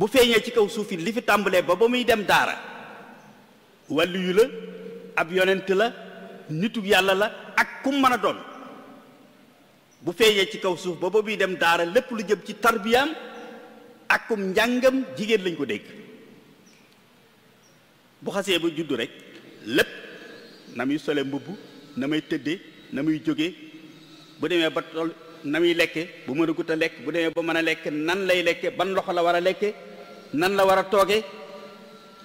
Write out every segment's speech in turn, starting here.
bu feeñee ci kaw suuf li fi tàmbalee ba ba muy dem daara wàllu la ab yonent la nituk yàlla la ak kum mën a doon bu feeñee ci kaw suuf ba ba muy dem daara lépp lu jëm ci tarbiyaam ak kum njàngam jigéen lañ ko dégg bu xasee ba juddu rek lépp na muy sole mbubb na may tëdde na muy jóge bu demee ba toll naw yi lekke bu mën a gut a lekk bu demee ba mën a lekke nan lay lekke ban loxo la war a lekke nan la war a tooge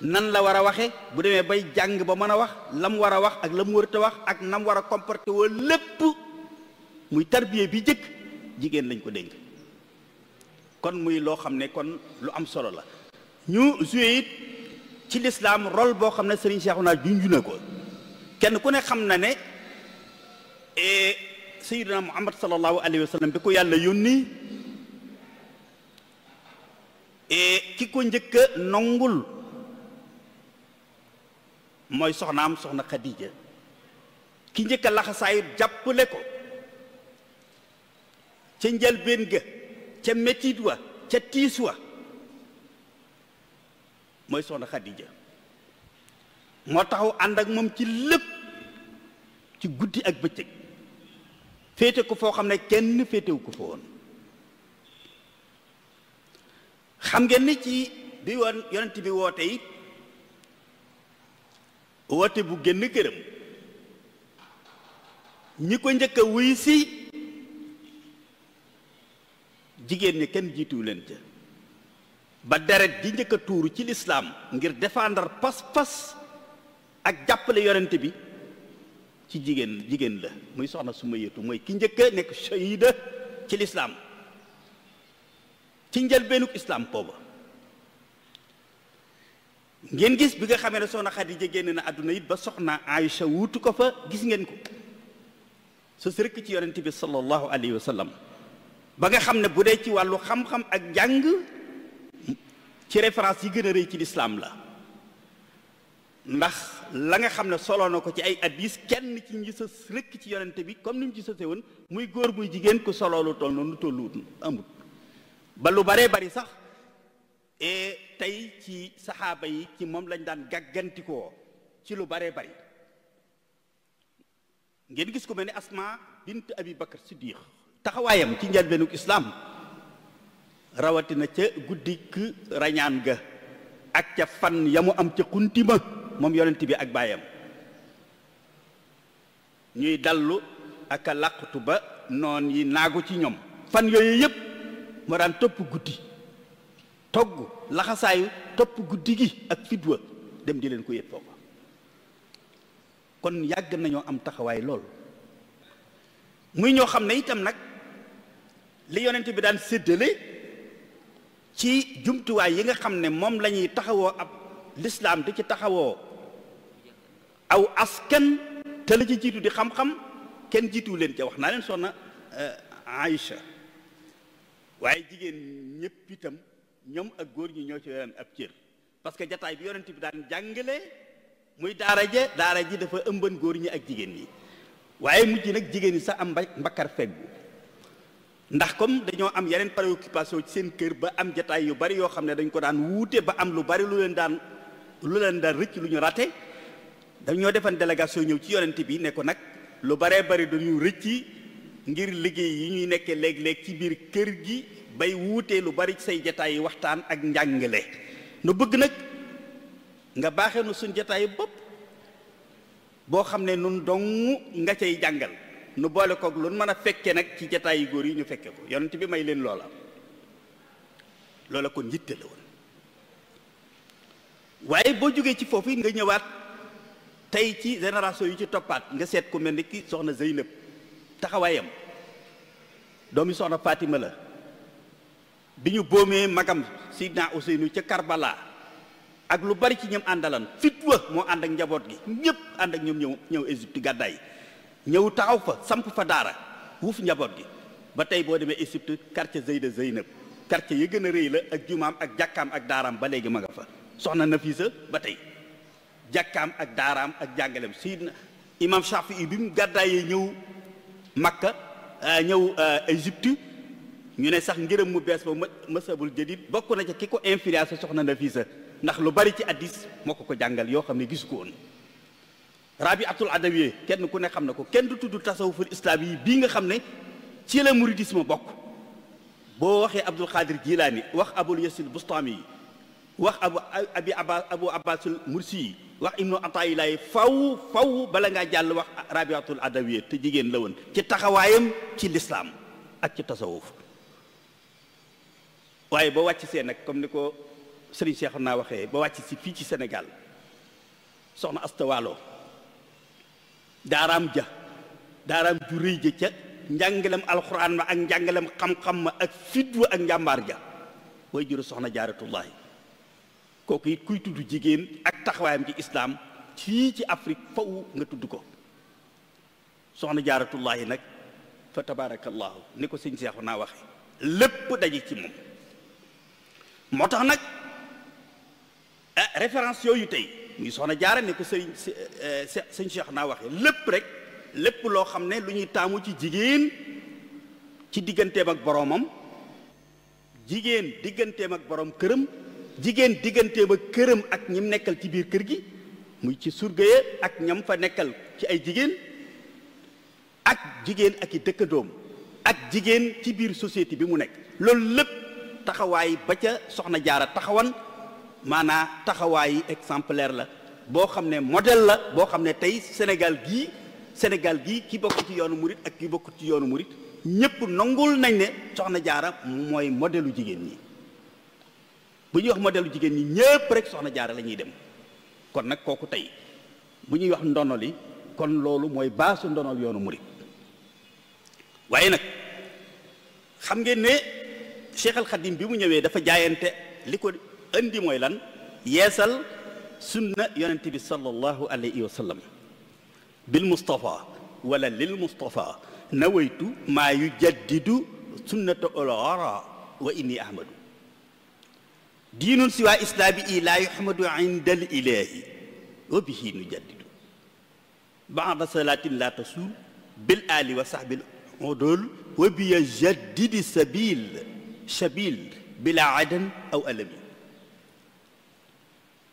nan la war a waxe bu demee bay jàng ba mën a wax lam war a wax ak lam warut a wax ak nam war a comporté woo lépp muy tarbiye bi jëkk jigéen lañ ko dénk kon muy loo xam ne kon lu am solo la ñu joué it ci lislaam rôle boo xam ne Serigne Cheikhouna junju na ko kenn ku ne xam na ne eh, sayyidina muhammad sallallahu alayhi wa sallam bi ko yàlla yónni e ki ko njëkk a nongul mooy am soxna Khadija ki njëkk a laxasaay jàppale ko ca njëlbéen ga ca métit wa ca tiis wa mooy soxna Khadija moo taxaw ànd ak moom ci lépp ci guddi ak bëccëg féete ko foo xam ne kenn féetewu ko fa woon xam ngeen ni ci bi woon yonent bi woote it woote bu génn këram ñi ko njëkk a wuy si jigéen ñi kenn jiituwu leen ca ba deret di njëkk a tuuru ci lislaam ngir défendre pas-pas ak jàppale yonent bi ci jigéen jigéen la muy soxna suma yetu mooy ki njëkka nekk shahida ci lislaam ci njëlbeenu islaam booba ngeen gis bi nga xamee ne soxna Xadija génn na àdduna it ba soxna Aïcha wuutu ko fa gis ngeen ko sës rëkk ci yonent bi sallallahu alayhi wa sallam ba nga xam ne bu dee ci wàllu xam-xam ak jàng ci référence yi gën a rëy ci lislaam la ndax la nga xam ne soloo na ko ci ay addis kenn ci ñi sës rëkk ci yonente bi comme ni mu ci sëse woon muy góor muy jigéen ko soloo lu toll noonu tolluwut amut ba lu baree bari sax e tey ci saxaaba yi ci moom lañ daan gàggantikoo ci lu baree bari ngeen gis ko mel ni asma bint abi bakar siddiq taxawaayam ci njëlbeenu islaam rawatina ca guddik rañaan ga ak ca fan ya mu am ca xuntima moom yonent bi ak baayam ñuy dallu ak làqutu ba noon yi naagu ci ñoom fan yooyu yépp moo daan topp guddi togg laxasaayu topp guddi gi ak fitwa dem di leen ko yëpp foofa kon yàgg nañoo am taxawaay lool muy ñoo xam ne itam nag li yonent bi daan séddale ci jumtuwaay yi nga xam ne moom lañuy taxawoo ab lislaam di ci taxawoo aw askan te la ci jiitu di xam-xam kenn jiituwu leen ca wax naa leen soxna euh, Aïcha waaye jigéen ñëpp itam ñoom ak góor ñi ñoo ci yoram ab cër parce que jataay bi yonent bi daan jàngale muy daara ja daara ji dafa ëmban góor ñi ak jigéen ñi waaye mujj nag jigéen ñi sax am mbakkar feggu ndax comme dañoo am yeneen préoccupation ci seen kër ba am jataay yu bari yoo xam ne dañ ko daan wuute ba am lu bari lu leen daan lu leen daan rëcc lu ñu rate dañoo defan délégation ñëw ci yonent bi ne ko nag lu baree bari dañu rëcci ngir liggéey yi ñuy nekkee léeg-léeg ci biir kër gi bay wuutee lu bari say jataay yi waxtaan ak njàngale nu bëgg nag nga baaxe nu suñ jataay bopp boo xam ne nun dong nga cay jàngal nu boole koog lu mën a fekke nag ci jataayu góor yi ñu fekke ko yonent bi may leen loola loola kon yitte la waaye boo jógee ci foofu yi nga ñëwaat tey ci génération yi ci toppaat nga seet ku mel ni kii soxna Zeynab taxawaayam doomi soxna Fatima la bi ñu boomee magam Sidna Useynu ca Karbala ak lu bari ci ñoom àndalan fitwa moo ànd ak njaboot gi ñëpp ànd ak ñoom ñëw ñëw Égypte gàddaay ñëw taxaw fa samp fa daara wuuf njaboot gi ba tey boo demee Égypte quartier Zeyda Zeynab quartier yi gën a rëy la ak jumaam ak jàkkaam ak daaraam ba léegi ma nga fa soxna Nafisa ba tey jàkkaam ak daaraam ak jàngaleem sayidna imam Shafii bi mu gàddaayee ñëw Makka euh, ñëw euh, Égypte ñu ne sax ngërëm mu bees ma masabul jadid bokk na ca ki ko influencé soxna Nafisa ndax lu bari ci addis moo ko ko jàngal yoo xam ne gisu ko woon rabiatul adawiye kenn ku ne xam ne ko kenn du tudd tasawuful islam yi bii nga xam ne ci la mouridisme bokk boo waxee abdul xaadir jilaani wax abul yasil bustami wax abu abu abbasul mursi yi wax ibnu ataayilaay faw faw bala ngaa jàll wax rabiatul adawiya te jigéen la woon ci taxawaayam ci lislaam ak ci tasawuf waaye ba wàcc see nag comme ni ko sëriñ Cheikh naa waxee ba wàcc si fii ci senegal soxna astawalo daaraam ja daaraam ju rëy ja ca njàngalem alxuraan ma ak njàngalem xam-xam ma ak fit ak njàmbaar ja way juru soxna jaaratullahi kooku yi kuy tudd jigéen ak taxawaayam ci islaam fii ci Afrique faw nga tudd ko soxna jaaratullaahi nag fa tabaarakallaahu ni ko sëñ seexu naa waxe lépp daje ci moom moo tax nag ah, référence yooyu tey muy soxna jaara ni ko sëñ sëñ eh, eh, seexu naa waxe lépp rek lépp loo xam ne lu ñuy taamu ci jigéen ci digganteem ak boroomam jigéen digganteem ak boroom këram jigéen diggante ak këram ak ñim nekkal ci biir kër gi mu ci surga ya ak ñam fa nekkal ci ay jigéen ak jigéen ak i dëkkandoom ak jigéen ci biir société bi mu nekk loolu lépp taxawaay ba ca soxna jaara taxawan maanaa taxawaay exemplaire la boo xam ne modèle la boo xam ne tey Sénégal gii Sénégal gii ki bokk ci yoonu murit ak ki bokk ci yoonu murit ñëpp nangul nañ ne soxna jaara mooy modèlu jigéen ñi bu ñuy wax modèle jigéen ñi ñépp rek soxna jaara la ñuy dem kon nag kooku tey bu ñuy wax ndono li kon loolu mooy baasu ndonol yoonu murit waaye nag xam ngeen ne Cheikh Al bi mu ñëwee dafa jaayante li ko indi mooy lan yeesal sunna yonente bi sallallahu alayhi wa sallam bil mustafa walla lil mustafa nawaytu maa yujaddidu sunnata al ara wa inni ahmadu diinun siwaa islaami i laa yuhmadu inda al ilaahi wa bihi nujaddidu baada salaatin laa tasuul bil aali wa sahbil odool wa biya jaddidi sabil sabil bila adan aw alami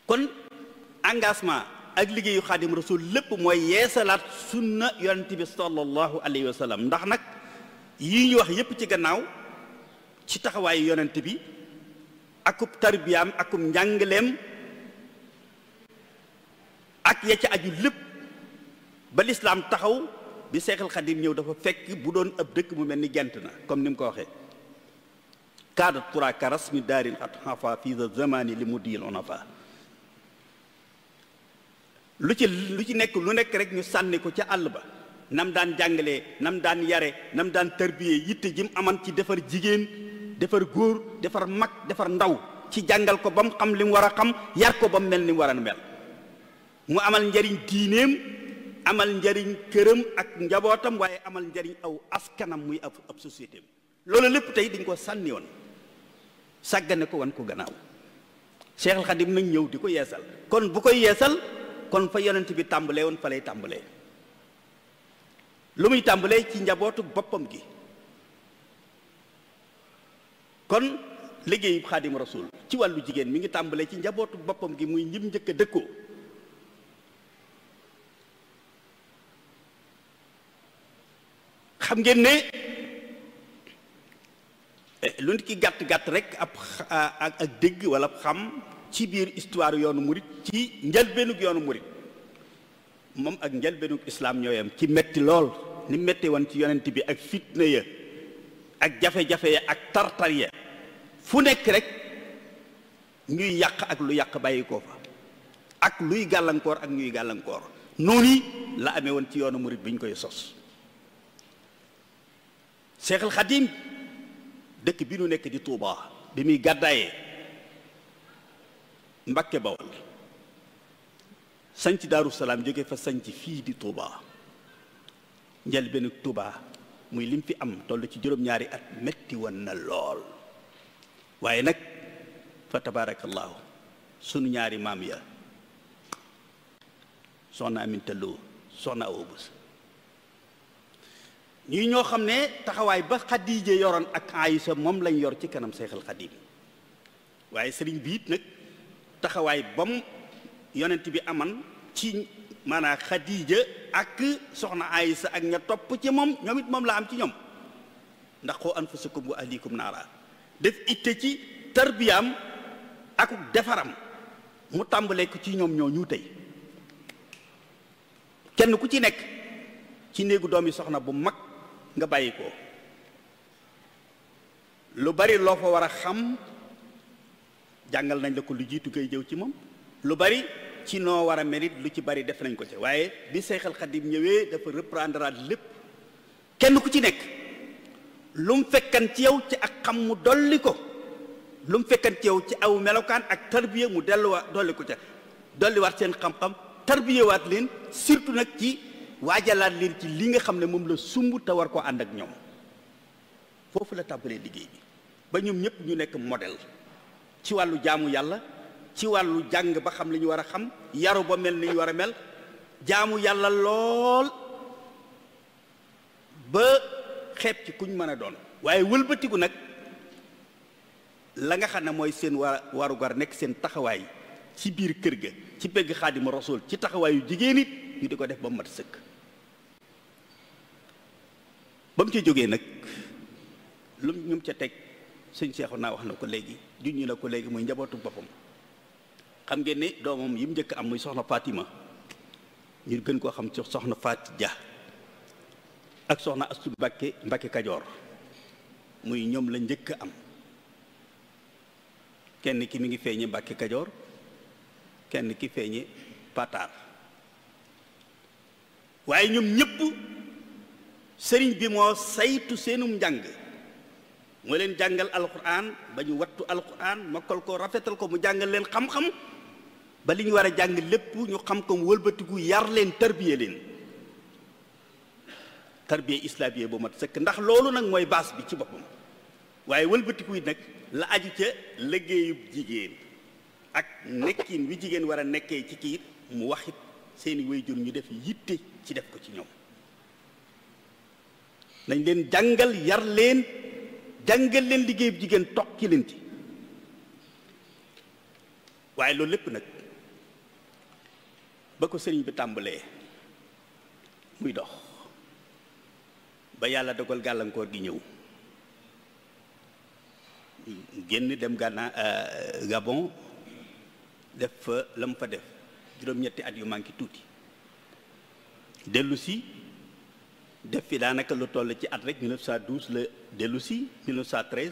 kon engagement ak liggéeyu xaadim rasul lépp mooy yeesalaat sunna yonent bi sallallahu alayhi wa sallam ndax nag yi ñu wax yépp ci gannaaw ci taxawaayu yonent bi ak akub tarbiyaam akub njàngaleem ak ya ca aju lépp ba lislaam taxaw bi seexal xadim ñëw dafa fekk bu doon ab dëkk mu mel ni gent na comme ni mu ko waxee kaada turaka rasmi daarin xat xafa fi za zamani li mu diil onafa lu ci lu ci nekk lu nekk rek ñu sànni ko ca àll ba nam daan jàngale nam daan yare nam daan tarbiyee yitte jim aman ci defar jigéen defar góor defar mag defar ndaw ci jàngal ko ba mu xam li mu war a xam yar ko ba mu mel ni mu war a mel mu amal njariñ diineem amal njariñ këram ak njabootam waaye amal njariñ aw askanam muy ab ab société loolu lépp tey dañ ko sànni woon sàggane ko wan ko gannaaw Cheikh Al nag ñëw di ko yeesal kon bu koy yeesal kon fa yonent bi tàmbalee woon fa lay tàmbalee lu muy tàmbalee ci njabootu boppam gi kon liggéeyu xaadim rasul ci wàllu jigéen mi ngi tàmbalee ci njabootu boppam gi muy njim njëkk a dëkkoo xam ngeen ne eh, lu nit ki gàtt gàtt rekk ab ak ak dégg wala xam ci biir histoire yoonu murit ci njëlbeenug yoonu murit moom ak njëlbeenug islaam ñooyam ci metti lool ni metti woon ci yonent bi ak fitna ya ak jafe-jafe ya ak tartar ya fu nekk rek ñuy yàq ak lu yàq bàyyi koo fa ak luy gàllankoor ak ñuy gàllankoor noonu la amee woon ci yoonu murit bi ñu koy sos Seexul Xadiim dëkk bi nu nekk di Tuubaa bi muy gàddaayee Mbakke Bawol sanc Daaru Salaam jóge fa sanc fii di Tuubaa njëlbéenu Tuubaa muy lim fi am toll ci juróom-ñaari at metti woon na lool waaye nag fa tabaarakallaahu sunu ñaari maam ya soxna Aminta Lo soxna Awa Bousso ñuy ñoo xam ne taxawaay ba Xadiija yoroon ak Aysa moom lañ yor ci kanam Seexal Xadiim waaye sëriñ bi it nag taxawaay bam yonent bi aman ci maanaam Xadiija ak soxna Aysa ak ña topp ci moom ñoom it moom la am ci ñoom ndax xoo anfusakum wa ahlikum naara def itte ci tarbiyaam aku defaram mu tàmbalee ko ci ñoom ñoo ñu tey kenn ku ci nekk ci néegu doom yi soxna bu mag nga bàyyi ko lu bari loo fa war a xam jàngal nañ la ko lu jiitu ngay jëw ci moom lu bari ci noo war a mérite lu ci bari def nañ ko ci waaye bi Seexal Xadim ñëwee dafa reprendre lépp kenn ku ci nekk lu mu fekkan ci yow ci ak xam mu dolli ko lu mu fekkan ci yow ci aw melokaan ak tarbiya mu delluwaat dolli ko ca dolliwaat seen xam-xam waat leen surtout nag ci waajalaat leen ci li nga xam ne moom la sumb te war koo ànd ak ñoom foofu la tàmbalee liggéey bi ba ñoom ñëpp ñu nekk model ci wàllu jaamu yàlla ci wàllu jàng ba xam lañu war a xam yaru ba mel ni war a mel jaamu yàlla lool ba xeeb ci kuñ mën a doon waaye wëlbatiku nag la nga xam ne mooy seen war warugar nekk seen taxawaay ci biir kër ga ci pegg xaadima rasul ci taxawaayu jigéen it ñu di ko def ba mu mat sëkk ba mu ca jógee nag lu ñu mu ca teg sëñ seexu naa wax na ko léegi juññu na ko léegi muy njabootu boppam xam ngeen ne doomam yi mu njëkk am muy soxna Fatima ñu gën koo xam ci soxna Faati Ja ak soxna astu mbàkke mbàkke kajoor muy ñoom la njëkk am kenn ki mi ngi feeñe mbàkke kajoor kenn ki feeñe pataar waaye ñoom ñëpp sëriñ bi moo saytu seenum njàng moo leen jàngal alquran ba ñu wattu alquran mokkal ko rafetal ko mu jàngal leen xam-xam ba li ñu war a jàng lépp ñu xam ko mu wëlbatiku yar leen tarbiye leen tarbiya islamiye bu mat sëkk ndax loolu nag mooy baas bi ci boppam waaye wëlbatiku it nag la aju ca liggéeyub jigéen ak nekkin wi jigéen war a nekkee ci kiit mu waxit seeni wayjur ñu def yitte ci def ko ci ñoom dañ leen jàngal yar leen jàngal leen liggéeyub jigéen tokki leen ci waaye loolu lépp nag ba ko sëriñ bi tàmbalee muy dox ba yàlla dogal gàllankoor gi ñëw génn dem Ghana euh, Gabon def fa la mu fa def juróom-ñetti at yu manqué tuuti dellusi def fi daanaka lu toll ci at rek 1912 la dellu si 1913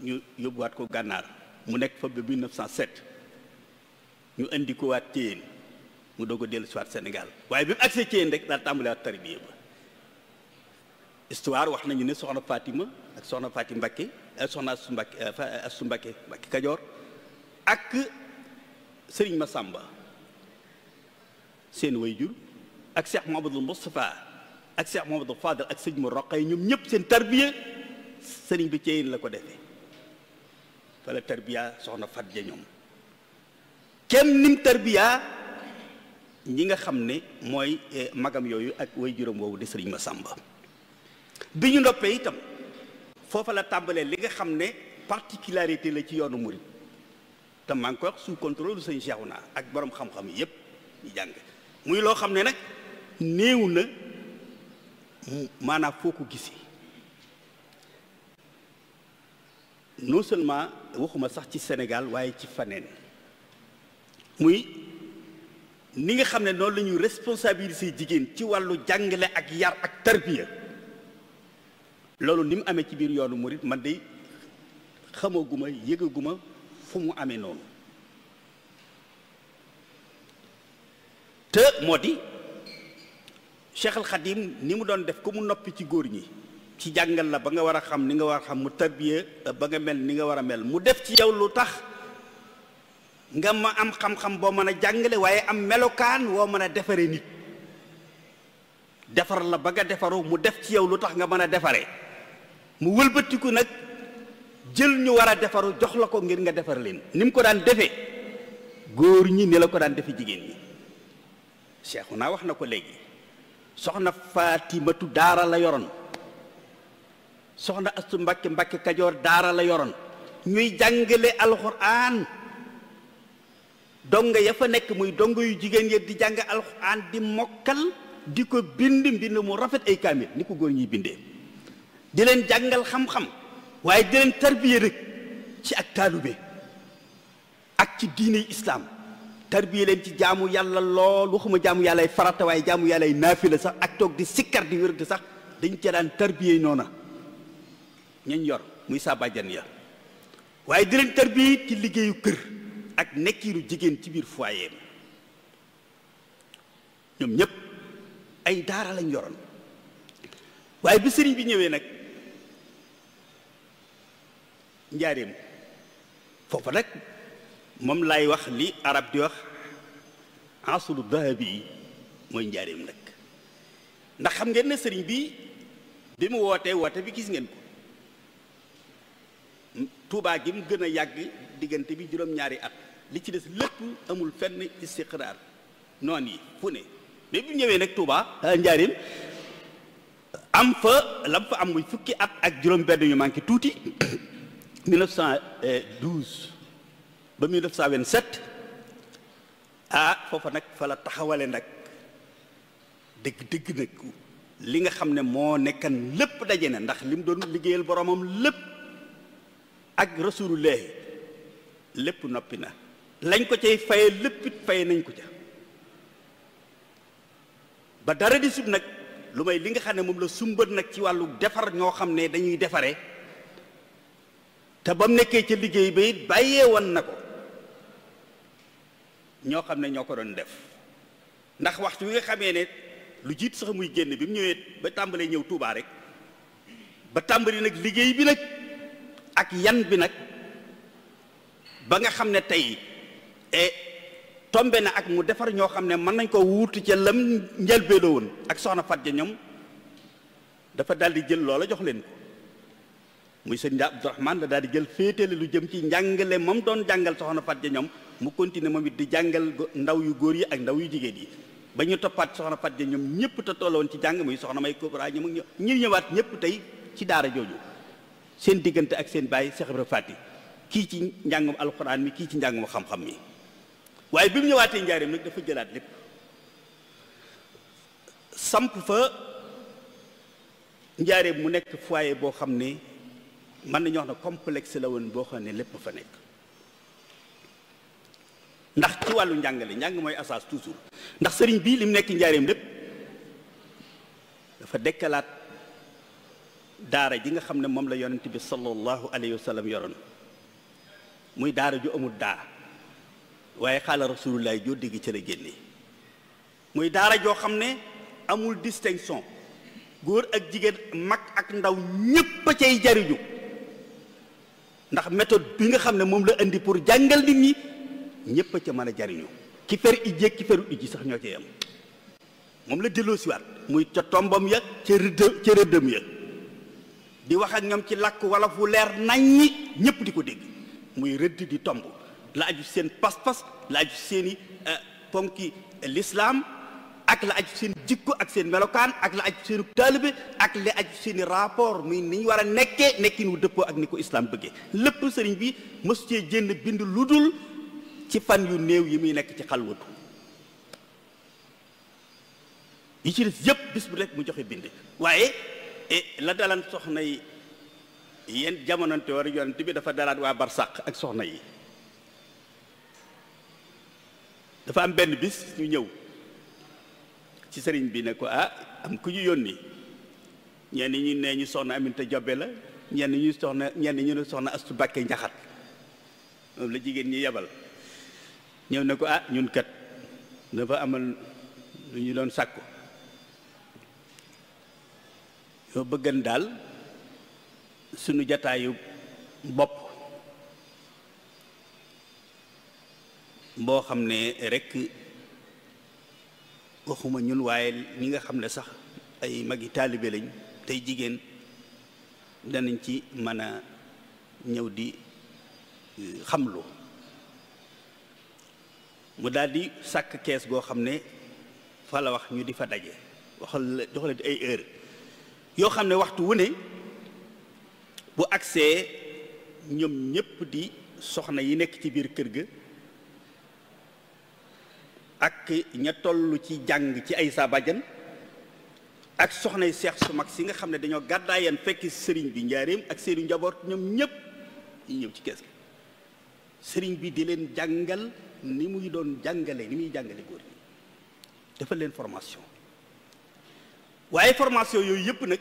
ñu yóbbuwaat ko gànnaar mu nekk fa ba 1907 ñu indi ko waat Thièyène mu doog a dellu waat Sénégal waaye bi mu agsee Thièyène rek daal tàmbalewaat tarbiya ba histoire wax nañu ne soxna Fatima ak soxna Fati Mbakke euh, soxna Astu Mbakke euh, Astu Mbakke Mbakke Kajoor ak Sëriñ ma sàmba seen wayjur ak mu Mouhamadul Moustapha ak Cheikh Mouhamadul Fadal ak sëñ mu yi ñoom ñëpp seen tarbiya sëriñ bi ci yéen la ko defee fa la tarbiya soxna Fat ja ñoom kenn nim tarbiya ñi nga xam ne mooy euh, magam yooyu ak wayjuram woowu di Sëriñ ma Masamba bi ñu noppee itam foofa la tàmbalee li nga xam ne particularité la ci yoonu murid te maa ngi koy wax sous contrôle sëñ Cheikhouna ak borom xam-xam yépp ñu jàng muy loo xam ne nag néew na maanaam foo ko gisee non seulement waxuma sax ci Sénégal waaye ci faneen muy ni nga xam ne noonu la ñuy responsabiliser jigéen ci wàllu jàngale ak yar ak tarbiya loolu ni mu amee ci biir yoonu murit man de xamaguma yëgaguma fu mu amee noonu te moo di Cheikh Al ni mu doon def ku mu noppi ci góor ñi ci jàngal la ba nga war a xam ni nga war a xam mu tarbiya ba nga mel ni nga war a mel mu def ci yow lu tax nga ma am xam-xam boo mën a jàngale waaye am melokaan woo mën a defare nit defar la ba nga defaru mu def ci yow lu tax nga mën a defare mu wëlbatiku nag jël ñu war a defaru jox la ko ngir nga defar leen ni mu ko daan defee góor ñi ni la ko daan defe jigéen ñi seexu naa wax na ko léegi soxna faatimatu daara la yoroon soxna astu mbàkke mbàkke kajoor daara la yoroon ñuy jàngale alxuraan donga ya fa nekk muy donga yu jigéen yi di jàng alxuraan di mokkal di ko bind mbind mu rafet ay kaamil ni ko góor ñuy bindee di leen jàngal xam-xam waaye di leen tarbiye rek ci ak taalube ak ci diine islaam tarbiye leen ci jaamu yàlla lool waxuma jaamu yàllay farata waaye jaamu yàllay naafila sax ak toog di sikkar di wér di sax dañ ca tarbiye noona ñañ yor muy saa ya waaye di leen tarbiye ci liggéeyu kër ak nekkiiru jigéen ci biir foyer ñoom ñépp ay daara lañ yoroon waaye bi sëriñ bi ñëwee nag njaareem foofu nag moom laay wax li arab di wax asulu dahabi yi mooy njaareem nag ndax xam ngeen ne sëriñ bi bi mu wootee woote bi gis ngeen ko tuubaa gi mu gën a yàgg diggante bi juróom-ñaari at li ci des lépp amul fenn istiqraar noon yi fu ne mais bi ñëwee nag Touba euh, njaarim am fa lam fa am muy fukki at ak juróom benn yu manqué tuuti 1912 ba 1927 ah foofa nag fa la taxawale nag dëgg dëgg nag li nga xam ne moo nekkan lépp daje na ndax li mu doon liggéeyal boromam lépp ak rasulullahi lépp noppi na lañ ko cay faye lépp it faye nañ ko ca ba dara di sut nag lu may li nga xam ne moom la sumbat nag ci wàllu defar ñoo xam ne dañuy defare te ba mu nekkee ca liggéey ba it bàyyee woon na ko ñoo xam ne ñoo ko doon def ndax waxtu wi nga xamee ne lu jiit sax muy génn bi mu ñëwee ba tàmbalee ñëw Tuubaa rek ba tàmbali nag liggéey bi nag ak yan bi nag ba nga xam ne tey e, tombe na ak mu defar ñoo xam ne mën nañ ko wuutu ca lam njëlbéen woon ak soxna Fatou ñoom dafa daldi jël loola jox leen muy sëñ Abdourahmane la daal di jël féetale lu jëm ci njàngale moom doon jàngal soxna Faat Ja ñoom mu continuer moom it di jàngal ndaw yu góor yi ak ndaw yu jigéen yi ba ñu toppaat soxna Faat Ja ñoom ñëpp te tolloon ci jàng muy soxna May Kubra ñoom ak ñi ñëwaat ñëpp tey ci daara jooju seen diggante ak seen baay Cheikh Ibra Faty kii ci njàngum alxuraan mi kii ci njàngum xam-xam mi waaye bi mu ñëwaatee njaareem nag dafa jëlaat lépp samp fa njaareem mu nekk foyer boo xam ne mën nañu wax ne complexe la woon boo xam ne lépp fa nekk ndax ci wàllu njàngale njàng mooy asaas toujours ndax sëriñ bii li mu nekk njaareem lépp dafa dekkalaat daara ji nga xam ne moom la yonent bi sallallahu alayhi wa sallam yoroon muy daara ju amul daa waaye xaala rasulullahi joo dégg ca la génne muy daara joo xam ne amul distinction góor ak jigéen mag ak ndaw ñépp a cay jariñu ndax méthode bi nga xam ne moom la indi pour jàngal nit ñi ñépp a ca mën a jariñu ki fer ijji ki feru ijji sax ñoo ca yem moom la delloo si siwaat muy ca tombam ya ca rëdd ca rëddam ya di wax ak ñoom ci làkk wala fu leer nañ ñi ñépp di ko dégg muy rëdd di tomb la aju seen pas-pas la aju seeni eh, ponki eh, lislaam ak la aju seen jikko ak seen melokaan ak la aju seen taalibe ak la aju seen rapport muy ni war a nekkee nekkin wu dëppoo ak ni ko islam bëggee lépp sëriñ bi mësu cee jénn lu dul ci fan yu néew yi muy nekk ci xalwatu yi ci des yëpp bis bu nekk mu joxe bind waaye eh, la dalan soxna yi yenn jamonante war yonent bi dafa dalaat waa barsàq ak soxna yi dafa am benn bis ñu ñëw ci sëriñ bi ne ko ah am ku ñu yónni ñeen ñu ne ñu soxna Aminta Jobe la ñenn ñu soxna ñenn ñu ne soxna Astu Bàkke Njaxat moom la jigéen ñi yebal ñëw ne ko ah ñun kat dafa amal lu ñu doon sàkku yoo bëggan daal suñu jataayu bopp boo xam ne rekk waxuma ñun waaye ñi nga xam ne sax ay magi taalibe lañ tey jigéen danañ ci mën a ñëw di euh, xamlu mu daldi sàkk kees goo xam ne fa wax ñu di fa daje waxal jox la di ay heure yoo xam ne waxtu wu ne bu agsee ñoom ñépp di soxna yi nekk ci biir kër ga ak ña toll ci jàng ci ay saa bàjjan ak soxnay seex su mag si nga xam ne dañoo gàddaayan fekk sëriñ bi njaareem ak seenu njaboot ñoom ñépp ñu ñëw ci kees gi sëriñ bi di leen jàngal ni muy doon jàngale ni muy jàngale góor ñi dafa leen formation waaye formation yooyu yëpp nag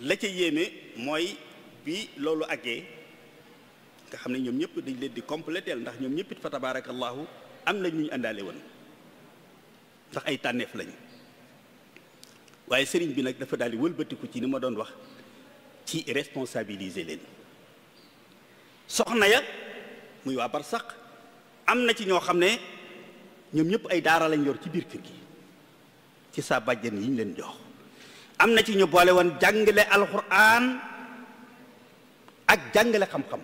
la ca yéeme mooy bi loolu àggee nga xam ne ñoom ñëpp dañ leen di compléteel ndax ñoom ñëpp it fa tabaarakallaahu am na ñu àndaale woon ndax ay tànneef lañu waaye sëriñ bi nag dafa daal wëlbatiku ci ni ma doon wax ci responsabiliser leen soxna ya muy waa sax am na ci ñoo xam ne ñoom ñëpp ay daara lañ yor ci biir kër gi ci sa bàjjen yi ñu leen jox am na ci ñu boole woon jàngale alxuraan ak jàngale xam-xam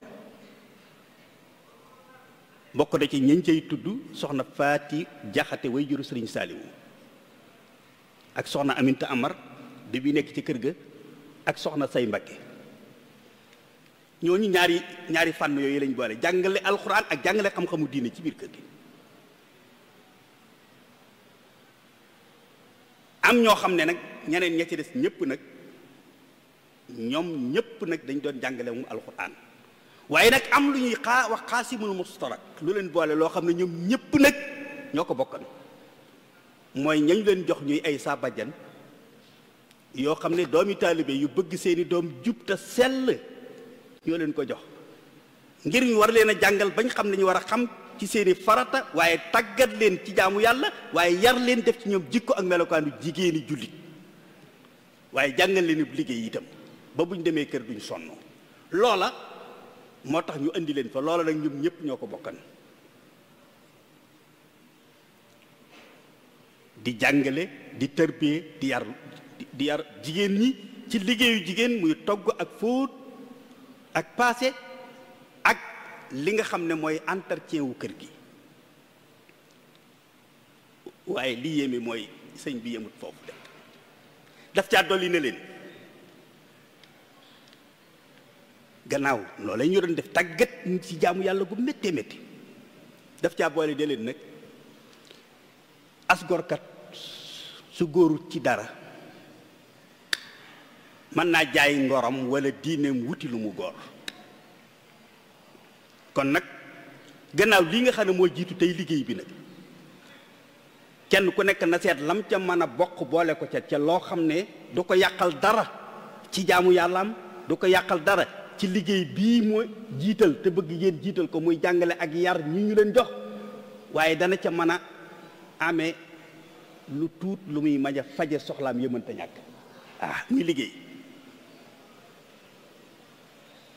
bokk na ci ñañ cay tudd soxna faati jaxate way juru sëriñ saalimu ak soxna aminta amar di bi nekk ci kër ga ak soxna say mbakke ñooñu ñaari ñaari fànn yooyu lañ boole jàngale alxuraan ak jàngale xam-xamu diine ci biir kër gi am ñoo xam ne nag ñeneen ña ci des ñëpp nag ñoom ñëpp nag dañ doon jàngale mu alxuraan waaye nag am lu ñuy xaa wax xaasimul mustarak lu leen boole loo xam ne ñoom ñëpp nag ñoo ko bokkan mooy ñañ leen jox ñuy ay saa bajjan yoo xam ne doomi taalibe yu bëgg seeni doom jub te sell ñoo leen ko jox ngir ñu war leen a jàngal bañ xam ne ñu war a xam ci seeni farata waaye tàggat leen ci jaamu yàlla waaye yar leen def ci ñoom jikko ak melokaanu jigéeni jullit waaye jàngal leen liggéey itam ba buñ demee kër duñ sonn loola moo tax ñu indi leen fa loola nag ñu ñëpp ñoo ko bokkan di jàngale di tërbiye di yar di yar jigéen ñi ci liggéeyu jigéen muy togg ak fóot ak paase ak li nga xam ne mooy entretien kër gi waaye li yéeme mooy sëñ bi yemut foofu def daf caa dolli na leen gannaaw loolu la ñu doon def tàggat ci jaamu yàlla gu méttee métti daf caa boole de leen nag as gorkat su góorut ci dara mën naa jaay ngorom walla diineem wuti lu mu góor kon nag gannaaw lii nga xam ne moo jiitu tey liggéey bi nag kenn ku nekk na seet lam ca mën a bokk boole ko ca ca loo xam ne du ko yàqal dara ci jaamu yàllaam du ko yàqal dara ci liggéey bii mu jiital te bëgg ngeen jiital ko muy jàngale ak yar ñi ñu leen jox waaye dana ca mën a amee lu tuut lu muy maja faje soxlaam yëmante ñàkk ah muy liggéey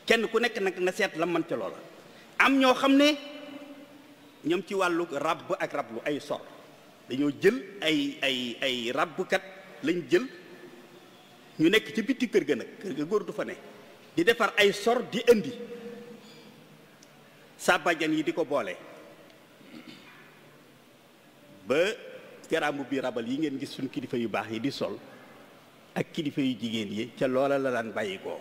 kenn ku nekk nag na seet la mën ca loola am ñoo xam ne ñoom ci wàllu ràbb ak ràbb lu ay sor dañoo jël ay ay ay ràbbkat lañ jël ñu nekk ci bitti kër ga nag kër ga góor du fa ne di defar ay sor di indi sa yi di ko boole ba garaamu bi rabal yi ngeen gis suñ kilifa yu baax yi di sol ak kilifa yu jigéen yi ca loola la daan bàyyi ko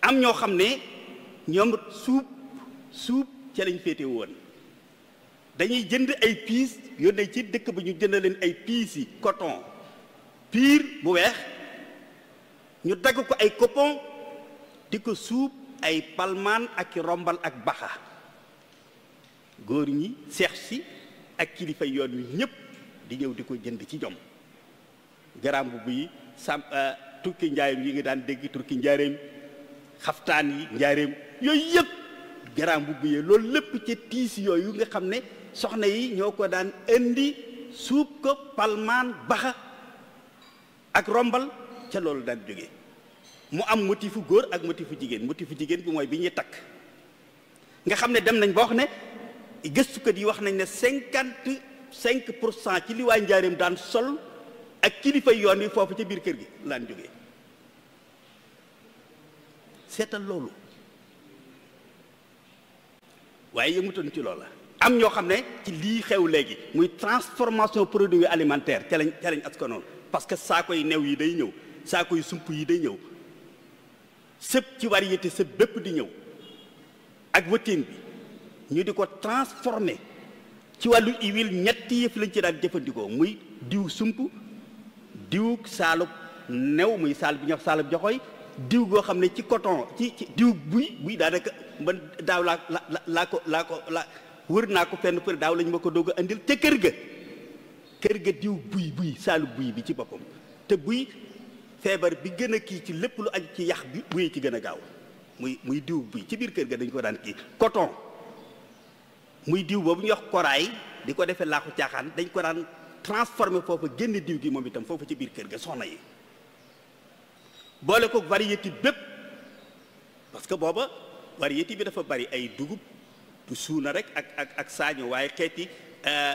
am ñoo xam ne ñoom suub suub ca lañ féete woon dañuy jënd ay piis yónnee ci dëkk ba ñu jënd leen ay piis yi coton piir bu weex ñu tagg ko ay coupon di ko suub ay palmaan ak rombal ak baxa góor ñi seex si ak kilifa yoon wi ñëpp di ñëw di ko jënd ci jom garaam bu bi sam euh, turki njaareem yi nga daan dégg turki njaareem xaftaan yi njaareem yooyu yëpp garaam bu buyee loolu lépp ca tiis yooyu nga xam ne soxna yi ñoo ko daan indi suub ko palmaan baxa ak rombal ca loolu daan jóge mu am motifu góor ak motifu jigéen motifu jigéen bi mooy bi ñuy takk nga xam ne dem nañ boo xam ne gëstukat yi wax nañ ne cinquante cinq pour cent ci li waa njaareem daan sol ak kilifa yoon yi foofu ca biir kër gi laan jógee seetal loolu waaye yëmutoon ci loola am ñoo xam ne ci lii xew léegi muy transformation produit alimentaire ca lañ ca lañ askanoon parce que saako yi new yi day ñëw saako yu sump yi day ñëw sëpp ci variété sëb bépp di ñëw ak wëttéen bi ñu di ko transformé ci wàllu huile ñetti yëf lañ ci daan jëfandikoo muy diw sump diw saalub new muy saal bi ñuy wax saalub joxoy diw goo xam ne ci coton ci ci diw buy buy daanaka man daaw laa la laa ko laa ko la wër naa ko fenn fër daaw lañ ma ko doog a andil ca kër ga kër ga diw buy buy saalub buy bi ci boppam te buy feebar bi gën a kii ci lépp lu aju ci yax bi buy ci gën a gaaw muy muy diw bi ci biir kër gi dañ ko daan kii coton muy diw boobu ñuy wax koraay di ko defee laaxu caaxaan dañ ko daan transformé foofu génn diw gi moom itam foofu ci biir kër ga soxna yi boole ko variété bépp parce que booba variété bi dafa bari ay dugub du suuna rek ak ak ak saaño waaye xeeti euh,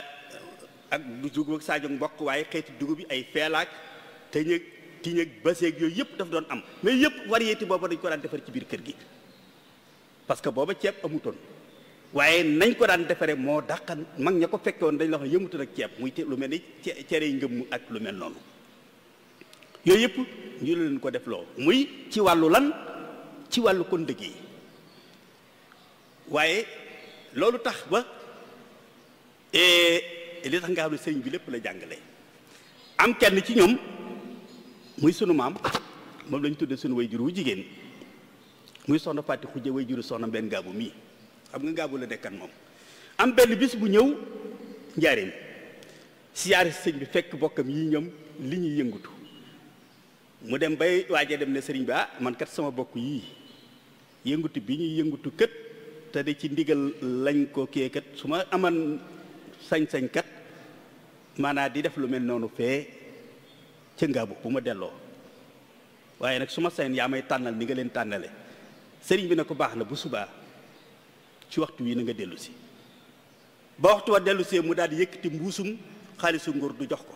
ak dugub ak saaño mbokk waaye xeeti dugub yi ay feelaak tëñëg tiñ ak baseeg yooyu yëpp daf doon am mais yëpp variété booba dañ ko daan defar ci biir kër gi parce que booba ceeb amutoon waaye nañ ko daan defaree moo dàqan mag ña ko fekkee woon dañ la wax yëmutoon ak ceeb muy lu mel ni cere yi ngëm ak lu mel noonu yooyu yëpp ñu ko def muy ci wàllu lan ci wàllu kon dëgg yi waaye loolu tax ba eh, li tax nga xam ne sëriñ bi lépp la jàngale am kenn ci ñoom muy sunu maam moom lañ tuddee sunu way jur wu jigéen muy soxna Faati Xujje way juru soxna benn gaabu mii xam nga gaabu la dekkan moom am benn bis bu ñëw njaareem siyaare sëñ bi fekk bokkam yi ñoom li ñuy yëngutu mu dem bay waaje dem ne sëriñ bi ah man kat sama bokk yii yëngutu bi ñuy yëngutu kët te de ci ndigal lañ ko kee kat su ma aman sañ-sañ kat maanaa di def lu mel noonu fee cëngaabu bu ma delloo waaye nag su ma seen yaa may tànnal ni nga leen tànnale sëriñ bi ne ko baax na bu subaa ci waxtu wii na nga dellu si ba waxtu wa dellu see mu daal di yëkkati mbuusum xaalisu nguur du jox ko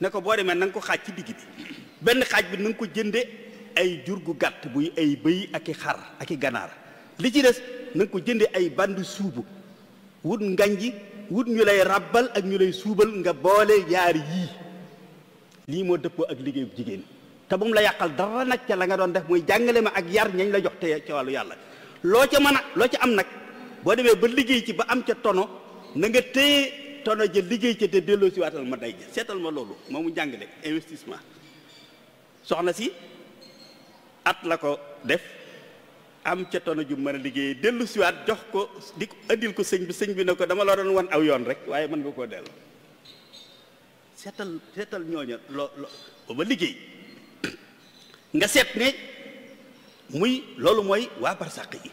ne ko boo demee na nga ko xaaj ci digg bi benn xaaj bi na nga ko jënde ay jur gu gàtt buy ay bëy ak i xar ak i ganaar li ci des na nga ko jënde ay band suubu wut nganji wut ñu lay ràbbal ak ñu lay suubal nga boole yaar yii lii moo dëppoo ak liggéeyu jigéen te bu mu la yàqal dara nag ca la nga doon def muy jàngale ma ak yar ñañ la jox te ci wàllu yàlla loo ca mën loo ca am nag boo demee ba liggéey ci ba am ca tono na nga téye tono ja liggéey ca te delloo si ma day ja seetal ma loolu moo mu jàngale investissement soxna si at la ko def am ca tono ju mën a liggéey dellu siwaat jox ko di andil ko sëñ bi sëñ bi ne ko dama la doon wan aw yoon rek waaye mën nga koo delloo seetal seetal ñooña loo loo ba liggéey nga seet ne muy loolu mooy waa barsàq yi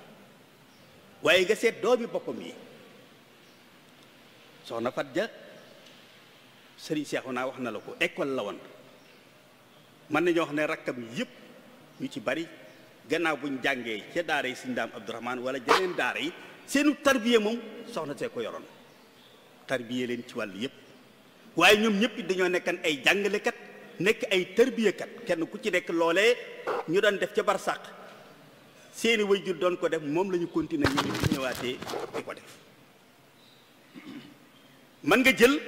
waaye nga seet doomi boppam yi soxna Fat Ja sëriñ seexu naa wax na la ko école la woon mën nañoo wax ne rakkam yëpp ñu ci bari gannaaw buñ jàngee ca daara yi suñ daam abdourahman wala jeneen daara yi seenu tarbiye moom soxna see ko yoroon tarbiye leen ci wàll yëpp waaye ñoom ñëpp dañoo nekkan ay jàngalekat nekk ay tërbiyekat kenn ku ci nekk loole ñu doon def ca barsàq seeni wayjur doon ko def moom la ñu continuer ñu ñëwaatee di ko def mën nga jël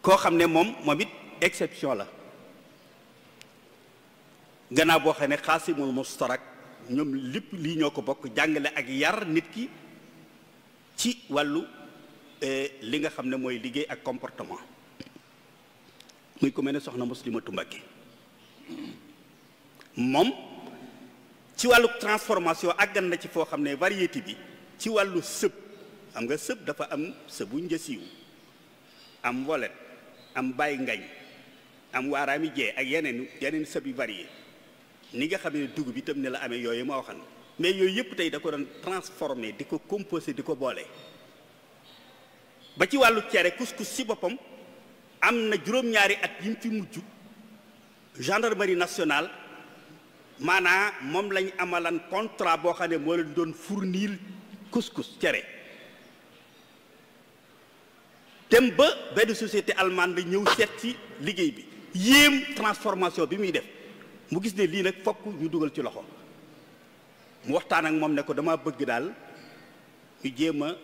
koo xam ne moom moom it exception la gannaaw boo xam ne xaasimul mustarak ñoom lépp lii ñoo ko bokk jàngale ak yar nit ki ci wàllu Eh, li nga xam ne mooy liggéey ak comportement muy ku mel ne soxna Muslimatu Mbakke moom ci wàllu transformation àggan na ci foo xam ne variété bi ci wàllu sëb xam nga sëb dafa am sëbu njësiwu am wolet am bàyyi ngañ am waaraami jee ak yeneen yeneen sëb yu varié ni nga xam ne dugub tam ne la amee yooyu ma waxan mais yooyu yëpp tey da ko doon transformé di ko composé di ko boole ba ci wàllu cere couscous ci boppam am na juróom-ñaari at yim fi mujj gendarmerie nationale maanaa moom lañu amalan contrat boo xam ne moo leen doon fournir couscous cere dem ba benn société allemande la ñëw seet ci liggéey bi yéem transformation bi muy def mu gis ne lii nag fokk ñu dugal ci loxo mu waxtaan ak moom ne ko dama bëgg daal ñu jéem a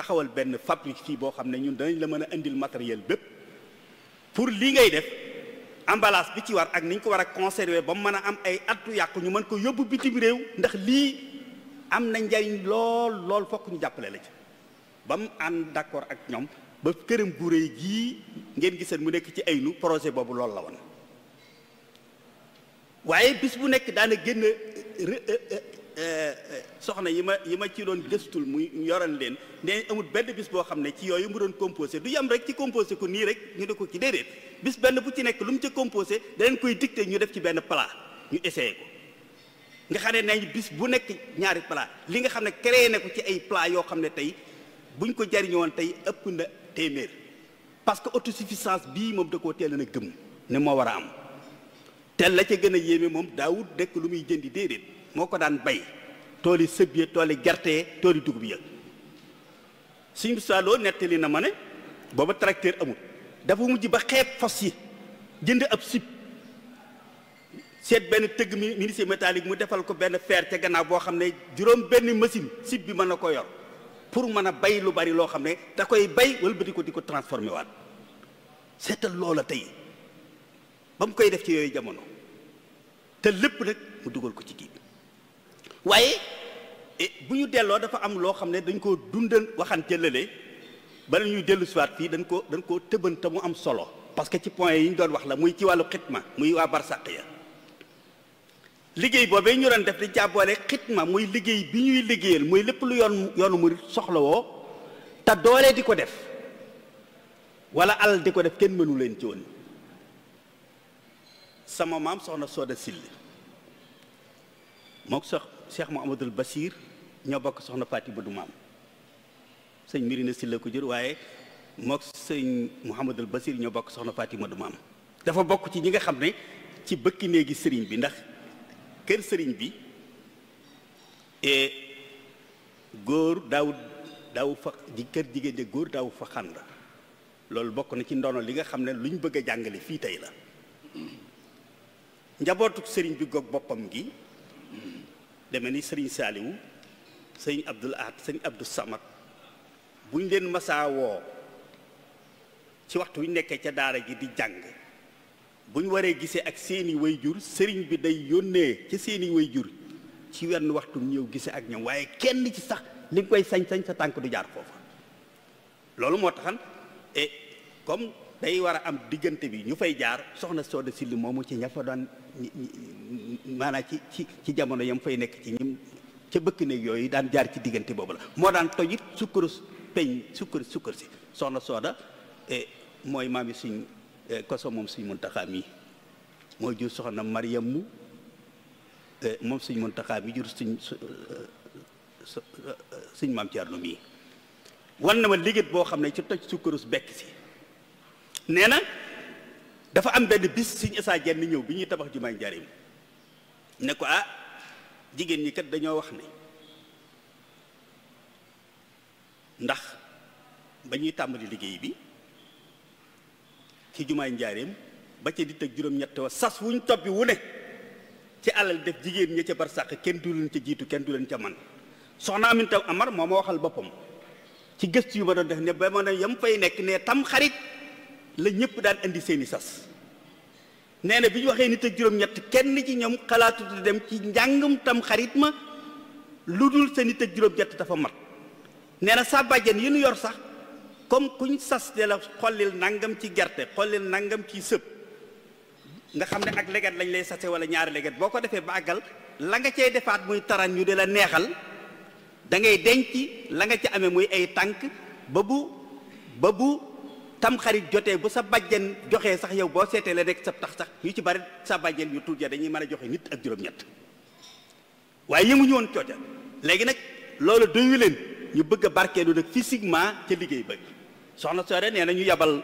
taxawal benn fabrique fii boo xam ne ñun dañ la mën a indil matériel bépp pour lii ngay def emballage bi ci war ak ni ñu ko war a conserver ba mu mën a am ay attu yàqu ñu mën ko yóbbu bitim réew ndax lii am na njariñ lool lool fokk ñu jàppale la ci ba mu ànd d'accord ak ñoom ba këram gu réy gii ngeen gisal mu nekk ci ay nu projet boobu lool la woon waaye bis bu nekk daana génn e- e- Euh, soxna yi ma yi ma ci loon gëstul muy yoral leen nee amut benn bis boo xam ne ci yooyu mu doon composé du yem rek ci composé ko nii rek ñu ne ko ci déedéet bis benn bu ci nekk lu mu ca composé da koy dicté ñu def ci benn plat ñu essayé nga xam ne bis bu nekk ñaari plat li nga xam ne créé na ko ci ay plat yoo xam ne tey buñ ko jariñoon tey ëpp na téeméer parce que autosuffisance bii moom da koo teel na gëm ne moo war a am teel la ca gën a yéeme moom daawut dekk lu muy jëndi déedéet moo ko daan bay tooli sëb ya tooli gerte ya tooli dugub ya suñ Moussa nettali na ma ne booba tracteur amul dafa mujj ba xeeb fos yi jënd ab sib seet benn tëgg menuisier métallique mu defal ko benn fer ca gannaaw boo xam ne juróom benn machine sib bi mën na ko yor pour mën a bay lu bari loo xam ne da koy bay wala bëti ko di ko transformé waat seetal loola tey ba mu koy def ci yooyu jamono te lépp nag mu dugal ko ci kii waaye eh, bu ñu delloo dafa am loo xam ne dañ koo dundal waxan jëlale bala ñuy dellu siwaat fii dañ ko dañ koo tëbante mu am solo parce que ci point yi ñu doon wax la muy ci wàllu xitma muy waa barsàq ya liggéey boobee ñu doon def di jàbboole xitma muy liggéey bi ñuy liggéeyal muy lépp lu yoon yoonu mu soxlawoo te doole di ko def wala alal di ko def kenn mënu leen ci woon sama maam soxna Soda Syll mook sox Cheikh Mouhamadul Bachir ñoo bokk soxna Faati Bëdu Maam sëñ Mirina Silla ko jur waaye mook sëñ Mouhamadul Bachir ñoo bokk soxna Faati Bëdu Maam dafa bokk ci ñi nga xam ne ci bëkki néegi sëriñ bi ndax kër sëriñ bi e góor daaw daaw fa ji kër jigéen de góor daaw fa xànd loolu bokk na ci ndono li nga xam ne lu ñu bëgg a jàngale fii tey la njabootu sëriñ bi goog boppam gi deme ni sëriñ saaliwu sëriñ abdul ahad sëriñ abdul samad buñ leen masaa woo ci waxtu wi nekkee ca daara ji di jàng bu ñu waree gisee ak seeni wayjur sëriñ bi day yónnee ca seeni wayjur ci wenn waxtu ñëw gisee ak ñoom waaye kenn ci sax li nga koy sañ-sañ sa tànk du jaar foofa loolu moo taxan et comme day war a am diggante bi ñu fay jaar soxna Soda Syll moomu ci ña fa doon maanaa ci ci ci jamono yam fay nekk ci ñim ca bëkk néeg yooyu daan jaar ci diggante boobu la moo daan toj it sukkar peñ sukkar sukkar si soxna sooda e, mooy maam maami suñ e, koso moom suñ muntaxaa yi mooy jur soxna mariam mu e, moom suñ muntaxaa mi jur suñ suñ maam Cerno mii wan na ma liggéey boo xam ne ci toj sukkarus bekk si nee na dafa am benn bis Sëriñ Isaa Jenn ñëw bi ñuy tabax jumaay Njaaréem ne ko ah jigéen ñi kat dañoo wax ne ndax ba ñuy tàmbali liggéey bi ci jumaay Njaaréem ba ca dit ak juróom-ñett wa sas wuñ toppi wu ne ci alal def jigéen ña ca barsàq kenn du leen ca jiitu kenn du leen ca man soxna Aminta Amar moo ma waxal boppam ci gëstu yu ma doon def ne ba ma ne yam fay nekk ne tam xarit la ñëpp daan indi seeni sas nee na bi ñu waxee nit ak juróom-ñett kenn ci ñoom xalaatu di dem ci njàngum tam xarit ma lu dul sa nit ak juróom-ñett dafa mat nee na sa bàjjen yi nu yor sax comme kuñ sas de la xollil nangam ci gerte xollil nangam ci sëb nga xam ne ak leget lañ lay sase wala ñaari leget boo ko defee ba la nga cay defaat muy taran ñu de la neexal dangay ngay denc la nga ca amee muy ay tànk ba bu ba bu tamxarit jotee bu sa bàjjen joxee sax yow boo seetee la rek sa tax sax ñu ci bari sa bàjjen ñu tuut dañuy man a joxe nit ak juróom-ñett waaye yëmuñu woon cooca léegi nag loolu doyu leen ñu bëgg a barkeelu nag physiquement ca liggéey ba soxna Soore nee na ñu yabal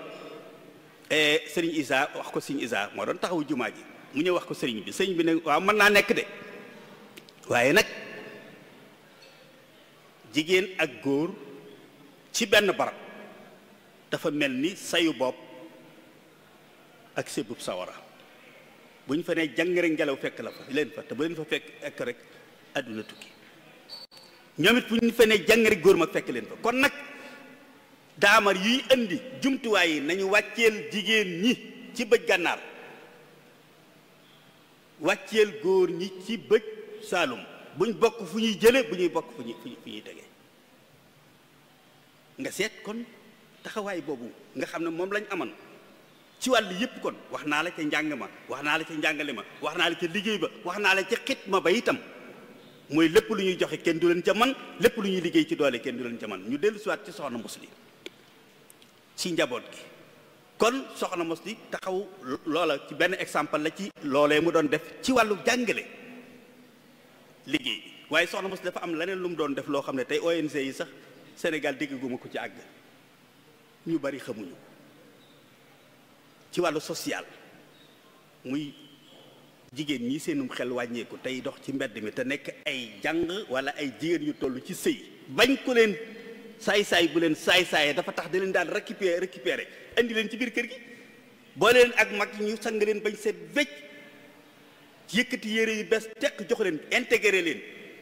eh, sëriñ Isa wax ko Serigne isaa moo doon taxawu jumaa ji mu ñëw wax ko Serigne bi Serigne bi ne waaw mën naa nekk de waaye nag jigéen ak góor ci benn barab. dafa mel ni sayu bopp ak sébub sawara bu ñu fa jàngare ngelaw fekk la fa leen fa te bu leen fa fekk ekk rek àdduna tukki ñoom it bu ñu fa nee góor ma fekk leen fa kon nag daamar yuy indi jumtuwaay yi nañu wàcceel jigéen ñi ci bëj gànnaar wàcceel góor ñi ci bëj saalum buñ bokk fu ñuy jële bu ñuy bokk fu ñuy fu nga seet kon taxawaay boobu nga xam ne moom lañ amoon ci wàll yëpp kon wax naa la ca njàng ma wax naa la ca njàngale ma wax naa la ca liggéey ba wax naa la ca xit ma ba itam mooy lépp lu ñuy joxe kenn du leen ca man lépp lu ñuy liggéey ci doole kenn du leen ca man ñu dellu siwaat ci soxna mos li ci njaboot gi kon soxna mos li taxaw loola ci benn exemple la ci loolee mu doon def ci wàllu jàngale liggéey waaye soxna mos dafa am leneen lu mu doon def loo xam ne tey ONG yi sax Sénégal dégg ko ci àgg ñu bari xamuñu ci wàllu sociale muy jigéen ñi seenum xel wàññeeku tey dox ci mbedd mi te nekk ay jàng wala ay jigéen yu toll ci sëy bañ ko leen saay-saay bu leen saay saaye dafa tax da leen daan récupérer récupérer indi leen ci biir kër gi boo leen ak mag ñu sang leen bañ seet wecc yëkkati yére yu bees teq jox leen intégré leen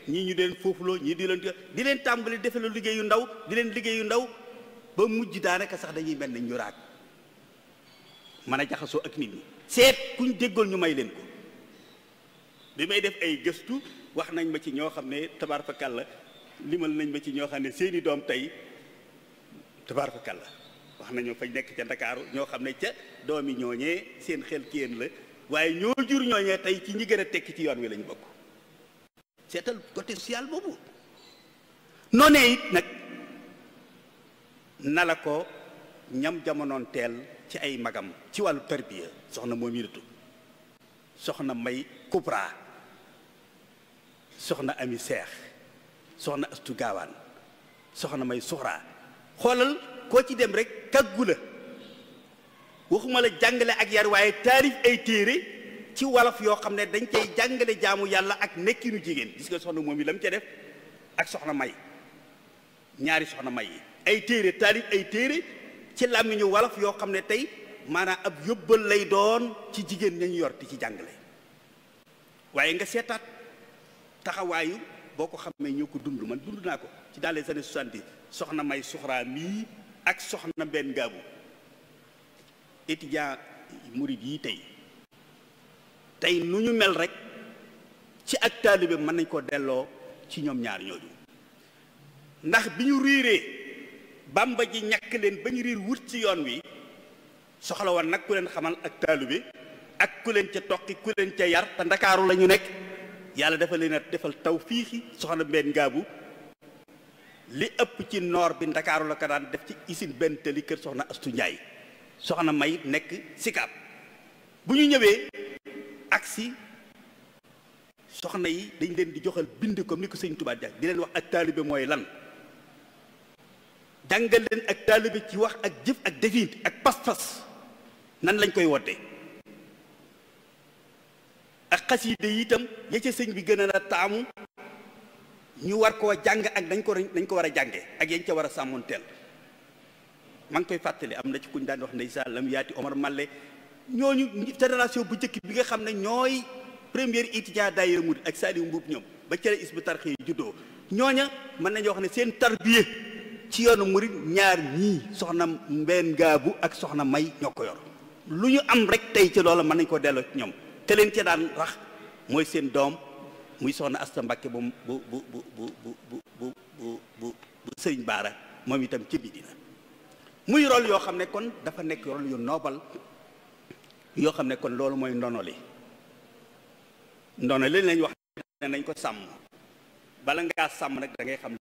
ñii ñu leen foofuloo ñii di leen di leen tàmbali defe lu liggéeyu ndaw di leen liggéeyu ndaw ba mujj daanaka sax dañuy mel ne ñu raag mën a jaxasoo ak nit ñi seet kuñ déggoon ñu may leen ko bi may def ay gëstu wax nañ ma ci ñoo xam ne tabaar la kàlla limal nañ ma ci ñoo xam ne seeni doom tey tabaar la wax nañu fañ nekk ca ndakaaru ñoo xam ne ca doom yi ñooñee seen xel kéen la waaye ñoo jur ñooñee tey ci ñi gën a tekk ci yoon wi lañu bokk seetal côté social boobu noonee it nag nala ko ñam jamonoon teel ci ay magam ci wàllu tarbiya soxna Mominatu soxna May Kubra soxna Ami Seex soxna Astu Gaawaan soxna May Suxra xoolal koo ci dem rek kàggu la waxuma la jàngale ak yar waaye taarif ay téere ci wolof yoo xam ne dañ cay jàngale jaamu yàlla ak nekkinu jigéen gis nga soxna moom yi la mu ca def ak soxna May ñaari soxna May yi. ay téere taalif ay téere ci làmmiñu wolof yoo xam ne tey maanaam ab yóbbal lay doon ci jigéen ñañu yor di ci jàngale waaye nga seetaat taxawaayu boo ko xamee ñoo ko dund man dund naa ko ci dans les années 70 soxna may suxraa mii ak soxna mbenn ngaabu étudiant murid yi tey tey nu ñu mel rek ci ak taalibe mën nañ koo delloo ci ñoom ñaar ñooñu ndax bi ñu riiree bamba ji ñàkk leen ba ñu riir wut ci yoon wi soxla woon nag ku leen xamal ak taalu bi ak ku leen ca toqi ku leen ca yar te ndakaaru lañu nekk yàlla dafa leen a defal taw fiixi soxna benn gaabu li ëpp ci noor bi ndakaaru la ko daan def ci usine benn tëli kër soxna astu njaay soxna may nekk sikaab bu ñu ñëwee agsi soxna yi dañ leen di joxal bind comme ni ko sëñ Tuubaa di leen wax ak taalibe mooy lan jàngal leen ak taalibe ci wax ak jëf ak defin ak pas-pas nan lañ koy wodde ak xas yi itam ya ca sëñ bi gën a la taamu ñu war koo jàng ak dañ ko dañ ko war a jànge ak yañ ca war a sàmmoon teel maa koy fàttali am na ci kuñ daan wax ndeysaan lam yaati Omar Malle ñooñu génération bu njëkk bi nga xam ne ñooy première étudiant daayira murid ak Saliou Mbuub ñoom ba cere is bu tarxe yi juddoo ñooña mën nañu wax ne seen tarbiye ci yoonu murit ñaar nii soxna mbenn gaabu ak soxna may ñoo ko yor lu ñu am rek tey ci loola mën nañ koo delloo ci ñoom te leen ci daan rax mooy seen doom muy soxna asta Mbàkke bu bu bu bu bu bu bu sëriñ baara moom itam ci Bidina muy rôle yoo xam ne kon dafa nekk rôle yu noobal yoo xam ne kon loolu mooy ndono li ndono li lañ wax nañ ko sàmm bala ngaa sàmm nag dangay xam